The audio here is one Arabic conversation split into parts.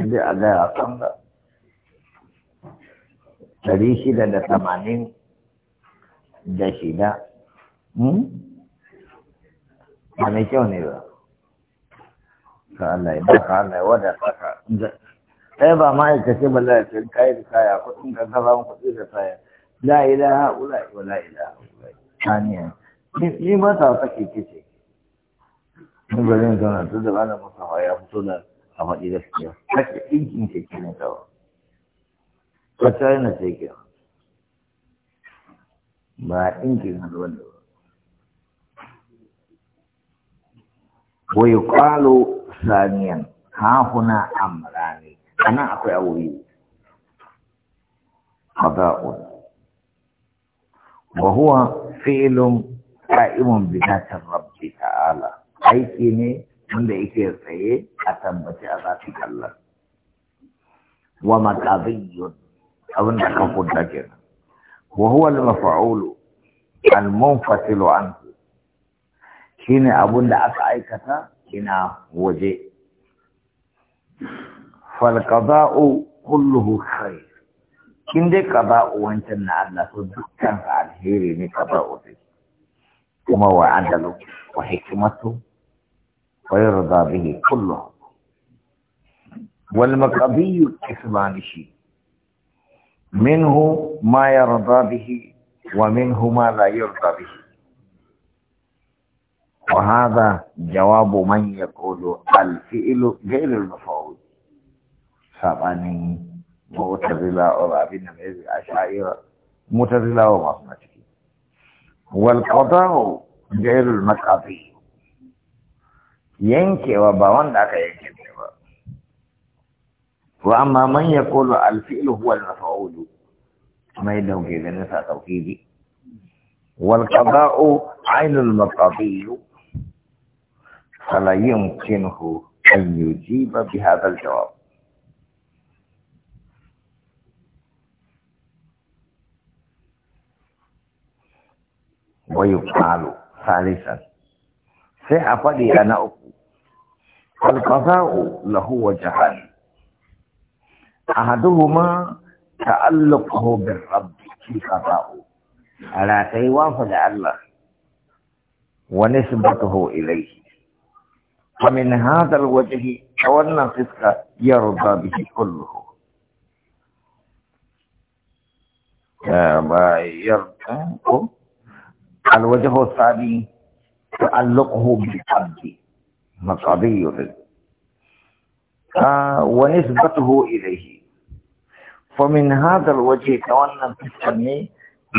inda a gaya kan Dari shida da tamanin da shida hmm? ba mai kyau ne ba ka Allah ya baka Allah ya wada saka saya ba da kaya kuɗin ka kaza kuɗi da saya. la ilaha ulai, wa la ilaha ulai. Tanya. Ini, ba ta sake kice ni ba zan zauna tun ba ya betul lah. a faɗi gaskiya haka ɗinkin ce ويقال ثانيا ها هنا أمران أنا أقوى أولي قضاء وهو فعل قائم بذات الرب تعالى أي كيني من ذلك يرتعي tabbaci a zafin Allah wa maqabiyyun abin da ka kunta kenan wa huwa al-maf'ul al-munfasil anhu shine abin da aka aikata ina waje fal qada'u kulluhu khair kin dai qada'u wancan na Allah to dukkan alheri ne qada'u dai kuma wa adalu wa hikmatu wa yarda bihi kulluhu والمكابي الكسبان شيء منه ما يرضى به ومنه ما لا يرضى به وهذا جواب من يقول الفئل غير المفعول سابعني معتزلة أرابين من الأشاعرة معتزلة ومصنعتك والقضاء غير المقابي ينكي وبوان لك ينكي وأما من يقول الفعل هو المفعول ما يدعو كذا نسى توكيدي والقضاء عين المقابيل فلا يمكنه أن يجيب بهذا الجواب ويقال ثالثا سيعفدي أنا اقول القضاء له وجهان أحدهما تألقه بالرب في قضاء على تيواف الله ونسبته إليه فمن هذا الوجه حولنا فسق يرضى به كله يرضى الوجه الثاني تعلقه بالعبد مصابي ونسبته إليه فمن هذا الوجه تولى الفتن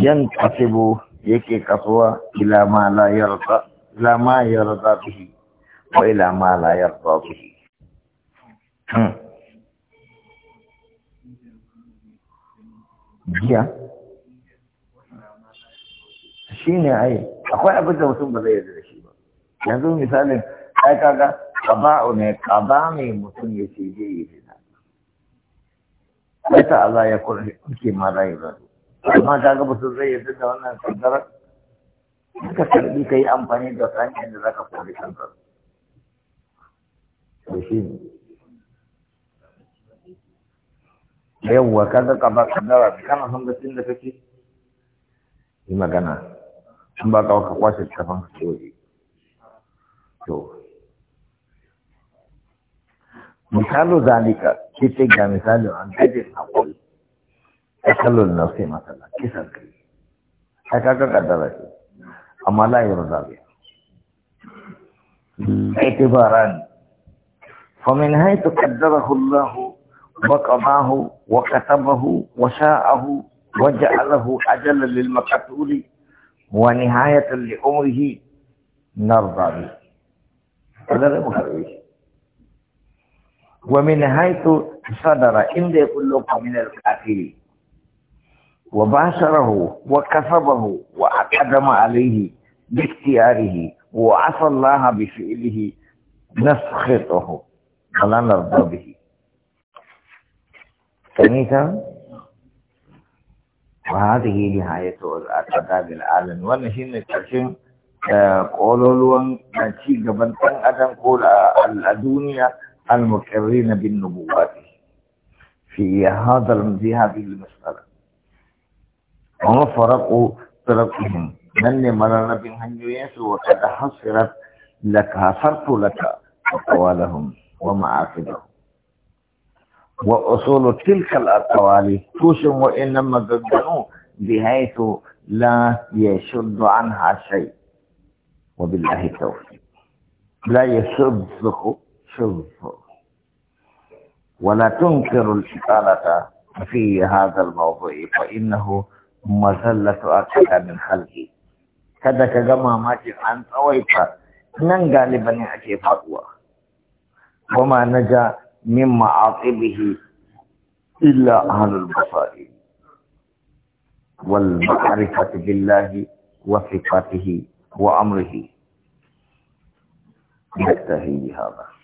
ينتسب يكي قصوى إلى ما لا يرضى إلى ما يرضى به وإلى ما لا يرضى به jiya shi ne ai akwai abin da mutum ba zai yarda da shi ba yanzu misalin ai kaga qada'u ne qada ne mutum ya ce zai yi zina sai ta Allah ya kula kuke ma rayu ba, amma kaga mutum zai yi da wannan kaddara ka karbi ka yi amfani da tsanin da zaka kore kanka to shi ne yawwa kaga qada kaddara kana son gaskiya da kake yi magana an ba ka kwashe kafan ka ce to مثال ذلك كيف جاء مثال عن هذه نقول أكل النصي مثلا كيف أكل حكاك قدر لك أما لا يرضى بي اعتبارا فمن حيث قدره الله وقضاه وكتبه وشاءه وجعله أجل للمقتول ونهاية لأمره نرضى به هذا مخرج wa min haitu sadara inda ya kullo kaminar min al-kafiri wa basharahu wa kasabahu wa aqdama alayhi bi ikhtiyarihi wa asa Allah bi fi'lihi naskhituhu wa la narda bihi kanita wa hadhihi nihayatu al-aqdab al-alam wa nahinu tashin eh, kololuwan eh, ci gaban ɗan adam ko eh, a المقرين بالنبوات في هذا في هذه المسألة وما فرق طرقهم من مرر بهم وقد حصرت لك حصرت لك أقوالهم ومعاقبهم وأصول تلك الأقوال توشم وإنما ضدنوا بحيث لا يشد عنها شيء وبالله التوفيق لا يصدق شوف ولا تنكر الإطالة في هذا الموضوع فإنه مزلة أكثر من خلقي كذا كما ما عن طويفة من غالبا يأتي فتوى وما نجا من معاقبه إلا أهل البصائر والمعرفة بالله وصفاته وأمره يكتهي هذا